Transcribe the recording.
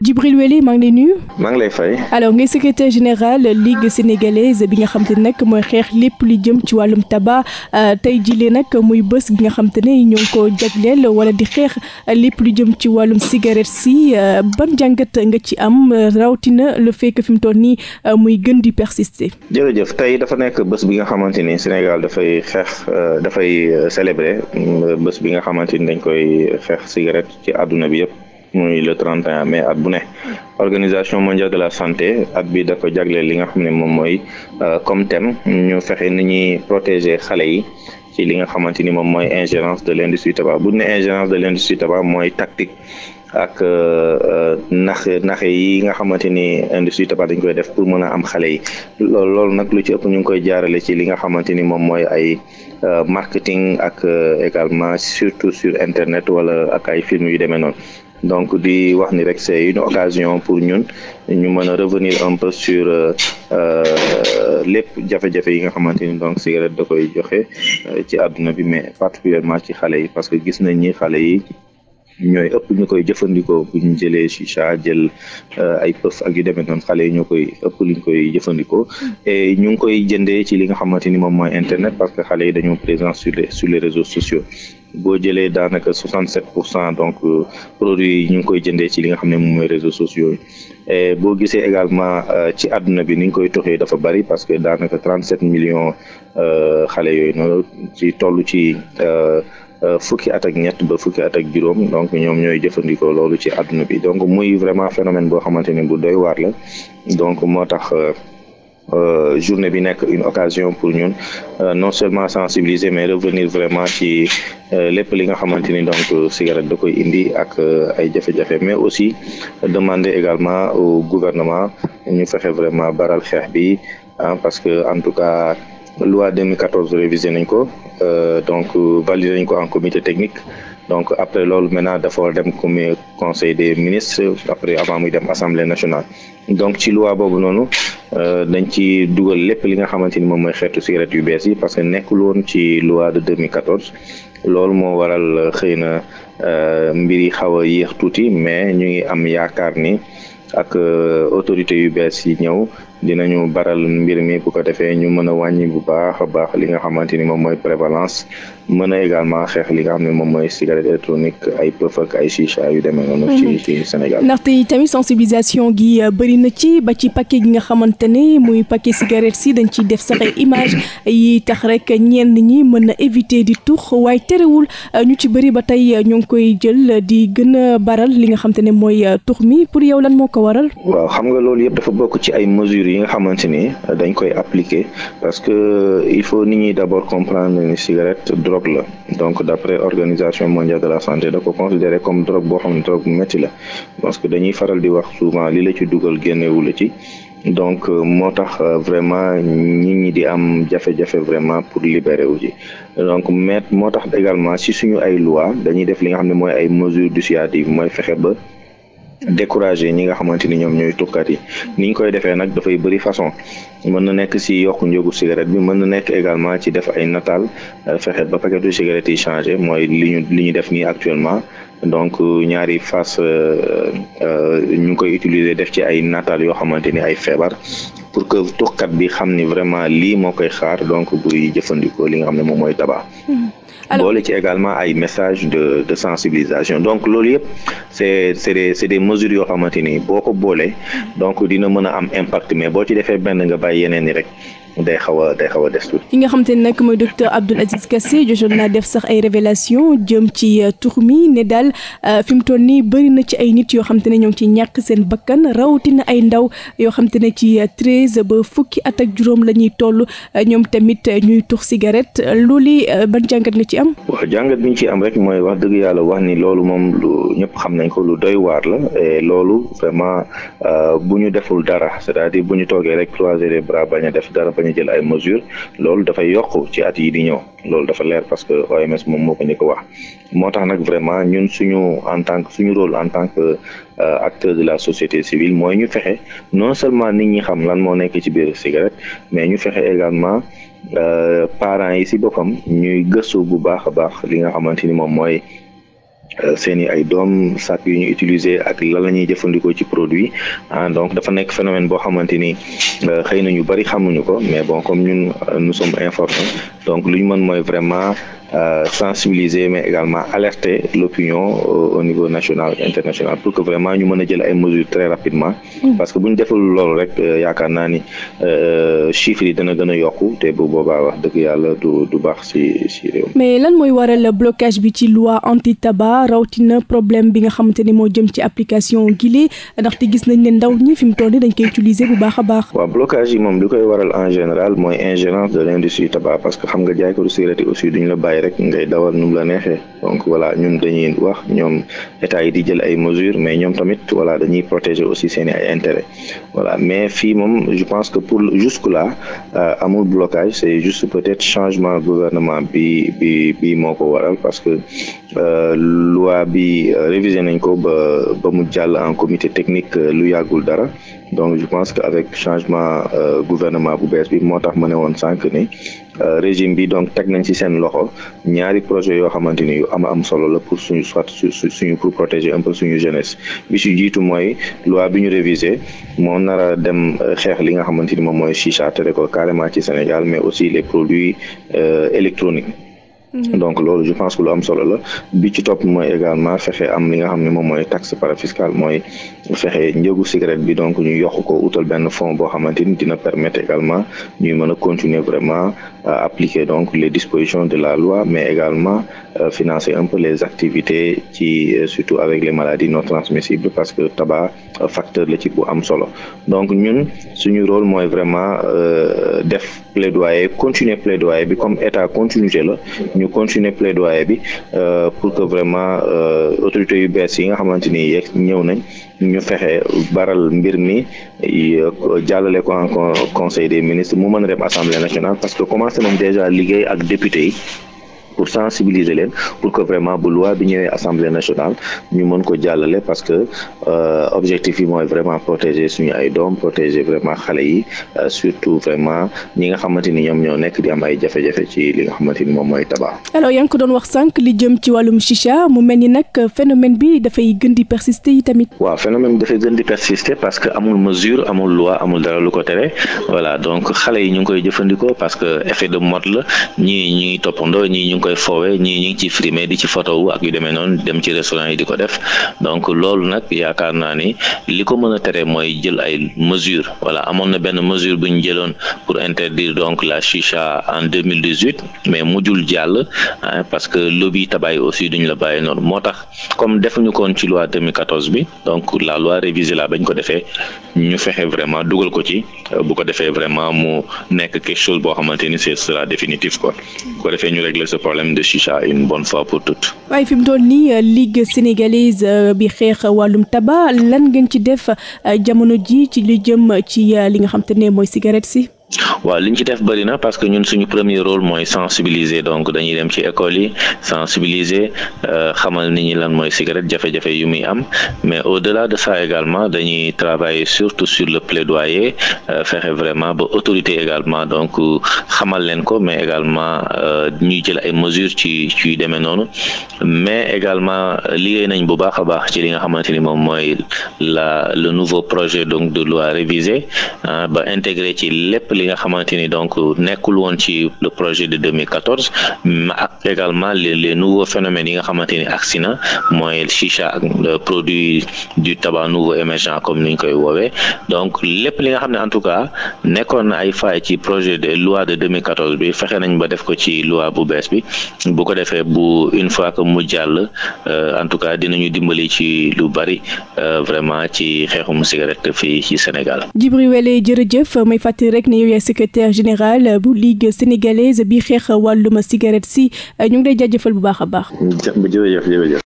Djibril Wely maa ngi lay nuyu. maa ngi lay fay. alors ngay secrétaire général ligue sénégalaise bi nga xam te nag mooy xeex lépp lu jëm ci wàllum tabac euh, tey jile nag muy bés gi nga xam ne ñoo ngi ko jagleel wala di xeex lépp lu jëm ci wàllum cigarette si euh, ban jàngat nga ci am rawatina le fekk que fi mu toll nii euh, muy gën di persister. jërëjëf tey dafa nekk bés bi nga xamante ni Sénégal dafay xeex dafay célébrer bés bi nga xamante ni dañ koy xeex cigarette ci àdduna bi yëpp. muy le 31 mai at bu ne organisation mondiale de la santé at bi dafa jagleel li nga xam ne moom mooy euh, comme thème ñu fexe ni ñuy protéger xale yi ci li nga xamante ni moom mooy ingérence de l'industrie tabac bu ne ingérence de l'industrie tabac mooy tactique ak euh, euh, nax naxe yi nga xamante ni industrie tabac dañ koy def pour mën a am xale yi loolu loolu nag lu ci ëpp ñu ngi koy jaarale ci li nga xamante ni moom mooy ay marketing ak également surtout sur internet wala ak ay film yu demee noonu donc di wax ni rek c'est une occasion pour ñun ñu mën a revenir un peu sur euh, euh, lépp jafe-jafe yi nga xamante ni donc cigarette da koy joxe euh, ci àdduna bi mais particulièrement ci xale yi parce que gis nañ ni xale yi ñooy ëpp ñu koy jëfandikoo bu ñu jëlee chicha jël euh, ay pëf ak yu demee xale yi ñoo koy ëpp li ñu koy jëfandikoo et ñu ngi koy jëndee ci li nga xamante ni moom mooy internet parce que xale yi dañoo présent sur les sur les réseaux sociaux boo jëlee daanaka 67 pour cent donc euh, produit yi ñu ngi koy jëndee ci li nga xam ne moom mooy réseaux sociaux yi et boo gisee également euh, ci àdduna bi ni ñu koy toxee dafa bari parce que daanaka 37 millions xale yooyu noonu ci toll ci. Euh, fukki at ak ñett ba fukki at juróom donc ñoom ñooy jëfandikoo loolu ci àdduna bi donc muy vraiment phénomène boo xamante ni bu doy waar la donc moo tax euh, euh, journée bi nekk une occasion pour ñun non seulement sensibiliser mais revenir vraiment ci lépp li nga xamante ni donc cigarette da koy indi ak ay jafe-jafe mais aussi demander également au gouvernement ñu fexe vraiment baral xeex bi parce que en tout cas loi 2014 révisé nañ ko euh, donc validé nañ ko en comité technique donc après loolu maintenant dafa war dem comme conseil des ministres après avant muy dem assemblée nationale donc ci loi boobu noonu euh, dañ ci dugal lépp li nga xamante ni moom mooy xeetu cigarette yu bees yi parce que nekkul woon ci loi de 2014 loolu moo waral euh, xëy na mbir yi xaw a yéex tuuti mais ñu ngi am yaakaar ni. ak euh, autorité yu bees yi ñëw dinañu baral mbir mi bu ko defee ñu mën a wàññi bu baax a baax li nga xamante ni moom mooy prévalence mën a également xeex li nga xam ne moom mooy cigarette électronique ay pëf ak ay chicha yu demee noonu. gi euh, bëri na ci ba ci paquet gi nga xamante ne muy paquet cigarette si dañ ci def sax ay image yi tax rek ñenn ñi mën a éviter di tux waaye terewul euh, ñu ci bari ba tey ñoo ngi koy jël di gën a baral li nga xamante ne mooy tux mi pour yow lan moo ko ko waaw xam nga loolu yëpp dafa bokk ci ay mesures yi nga xamante ni dañ koy appliquer parce que il faut nit ñi d' abord comprendre ni cigarette drogue la donc d' après organisation mondiale de la santé da ko considéré comme drogue boo xam ne drogue bu métti la parce que dañuy faral di wax souvent li la ci dugal génnewu la ci. donc euh, moo tax euh, vraiment nit ñi di am jafe-jafe vraiment pour libérer wu ji donc met moo tax également si suñu ay loi dañuy def li nga xam ne mooy ay mesures dissuasives mooy fexe ba décourager ñi nga xamante ni ñoom ñooy tukkat yi ni ñu koy defee nag dafay bëri façon mën na nekk si yokk njëgu cigarette bi mën na nekk également ci def ay nataal euh, fexe ba paquetu cigarette yi changé mooy li ñu li ñu def nii actuellement donc euh, ñaari face euh, ñu ngi koy utiliser def ci ay nataal yoo xamante ni ay feebar pour que kat bi xam ni vraiment lii moo koy xaar donc buy jëfandikoo li nga xam ne moom mooy tabac. Hmm. boole ci également ay message de de sensibilisation donc loolu yëpp c'est c'est des c'est des mesures yoo xamante ni boo ko boolee hmm. donc dina mën a am impact mais boo ci defee benn nga bàyyi yeneen yi rek. day xaw a day xaw a des tuuti. ki nga xam te ne nag mooy docteur Abdoul Aziz Kassé jotoon naa def sax ay révélation jëm ci euh, tux mi ne daal euh, fi mu toll nii bëri na ci ay nit yoo xam ne ñoo ngi ci ñàkk seen bakkan rawatina ay ndaw yoo xam ne ci euh, treize ba fukki at ak juróom la ñuy toll ñoom tamit ñuy tux cigarette loolu ban jàngat nga ci am. jàngat bi ñu ci am rek mooy wax dëgg yàlla wax ni loolu moom lu ñëpp xam nañ ko lu doy waar la loolu vraiment bu ñu deful dara c'est-à-dire bu ñu toogee rek croiser bañ a jël ay mesures loolu dafay yokk ci at yi di ñëw loolu dafa leer parce que OMS moom moo ko njëkk wax moo tax nag vraiment ñun suñu en tant que suñu rôle en tant que euh, acteur de la société civile mooy ñu fexe non seulement nit ñi xam lan moo nekk ci biir cigarette mais ñu fexe également euh, parent yi si boppam ñuy gëstu bu baax a baax li nga xamante ni moom mooy Euh, seen i ay doom sac yu ñu utiliser ak lan la ñuy jëfandikoo ci produit ah donc dafa nekk phénomène boo xamante ni euh, xëy na ñu bari xamuñu ko mais bon comme ñu euh, nous sommes informés donc lu ñu mën mooy vraiment euh, sensibiliser mais également alerter l'opinion au, euh, au niveau national et international pour que vraiment ñu mën a jël ay mesures très rapidement. Mm. parce que bu ñu deful loolu rek euh, yaakaar naa ni euh, chiffres yi dana gën a yokku te bu boobaa wax dëgg yàlla du du baax ci ci réew mais lan mooy waral blocage bi ci loi anti tabac rawatina problème bi nga xamante ni moo jëm ci application gile ndaxte gis nañ ne ndaw ñi fi mu toll nii dañ koy utiliser bu baax a baax. waaw blocage yi moom li waral en général mooy ingérence de l'industrie tabac parce que xam nga jaay rek ngay dawal nu la neexee donc voilà ñun dañuy wax ñoom état yi di jël ay mesures mais ñoom tamit voilà dañuy protéger aussi seeni ay intérêt voilà mais fii moom je pense que pour jusque là euh, amul blocage c'est juste peut-être changement gouvernement bi bi bi moo ko waral parce que euh, loi bi euh, réviser nañ ko ba ba mu jàll en comité technique lu yàggul dara donc je pense que avec changement gouvernement bu bees bi moo tax ma ne woon sànq ni Euh, régime bi donc teg nañ ci seen loxo ñaari projet yoo xamante ni yu am am solo la pour suñu soit suñu pour protéger un suñu jeunesse bi su jiitu mooy loi bi ñu révisé moo nar a dem euh, xeex li nga xamante ni moom mooy chicha tere ko carrément ci Sénégal mais aussi les produits euh, électroniques mm-hmm. donc loolu je pense que lu am solo la bi ci topp mooy également fexe am li nga xam ne moom mooy taxe parafiscale mooy fexe njëgu cigarette bi donc ñu yokk ko utal benn fonds boo xamante ni dina permettre également ñuy mën a continuer vraiment Euh, appliquer donc les dispositions de la loi, mais également euh, financer un peu les activités ci euh, surtout avec les maladies non transmissibles parce que tabac facteur la ci bu am solo donc ñun suñu rôle mooy vraiment def plaidoyer continuer plaidoyer bi comme état continuité la ñu continuer plaidoyer bi pour que vraiment autorités yu bees yi nga xamante ni yeeg ñëw nañ ñu fexe baral mbir mi jàllale ko en conseil des ministres mu mën a dem assemblée nationale parce que commencé nañ déjà liggéey ak député yi pour sensibiliser leen pour que vraiment bu loi bi ñëwee assemblée nationale ñu mën ko jàllale parce que euh, objectif yi mooy vraiment protéger suñu ay doom protéger vraiment xale yi euh, surtout vraiment ñi nga xamante ni ñoom ñoo nekk di am ay jafe-jafe ci li nga xamante ni moom mooy tabac. alors yaa ngi ko doon wax sànq li jëm ci wàllum chicha mu mel ni nag phénomène bi dafay gën di persister yi tamit. waaw phénomène bi dafay gën di persister parce que amul mesure amul loi amul dara lu yi ñu ngi koy jëfandikoo parce que effet de mode la koy foowe ñii ñu ci filmé di ci photo ak yu demee noonu dem ci restaurant yi di ko def donc loolu nag yaakaar naa ni li ko mën a tere mooy jël ay mesures wala amoon na benn mesure bu ñu jëloon pour interdire donc la chicha en 2018 mais mujjul jàll parce que lobby tabaay aussi duñ la bàyyi noonu moo tax comme defuñu koon ci loi 2014 bi donc la loi révisée la bañ ko defee ñu fexe vraiment dugal ko ci euh, bu ko defee vraiment mu nekk quelque chose boo xamante ni ce sera définitif quoi problème de chicha waaye fi mu toll nii euh, ligue sénégalaise euh, bi xeex wàllum tabac lan ngeen ci def euh, jamono ji ci li jëm ci li nga xam te ne mooy cigarette si. waaw li ñu ci def bëri na parce que ñun suñu premier rôle mooy sensibiliser donc dañuy dem ci école yi sensibiliser euh, xamal nit ñi lan mooy cigarette jafe-jafe yu muy am mais au-delà de ça également dañuy travailler surtout sur le plaidoyer euh, fexe vraiment ba autorité également donc euh, xamal leen ko mais également ñuy jël ay mesures ci ci demee noonu mais également liggéey nañ bu baax a baax ci li nga xamante ni moom mooy la le nouveau projet donc de loi révisé ba intégré ci lépp li nga xamante ni donc nekkul woon ci le projet de 2014 mais ak également les les nouveaux phénomènes yi nga xamante ni agsi na mooy chicha ak produit du tabac nouveau émergent comme ni koy woowee donc lépp li nga xam ne en tout cas nekkoon na ay faay ci projet de loi de 2014 bi fexe nañ ba def ko ci loi bu bees bi bu ko defee bu une fois comme mu jàll euh, en tout cas dinañu dimbali ci lu bari euh, vraiment ci xeexum cigarette fii ci Sénégal. yooyu secretaire général bu ligue sénégalaise bi xeex wàllum cigarette si ñu ngi lay jaajëfal bu baax a baax.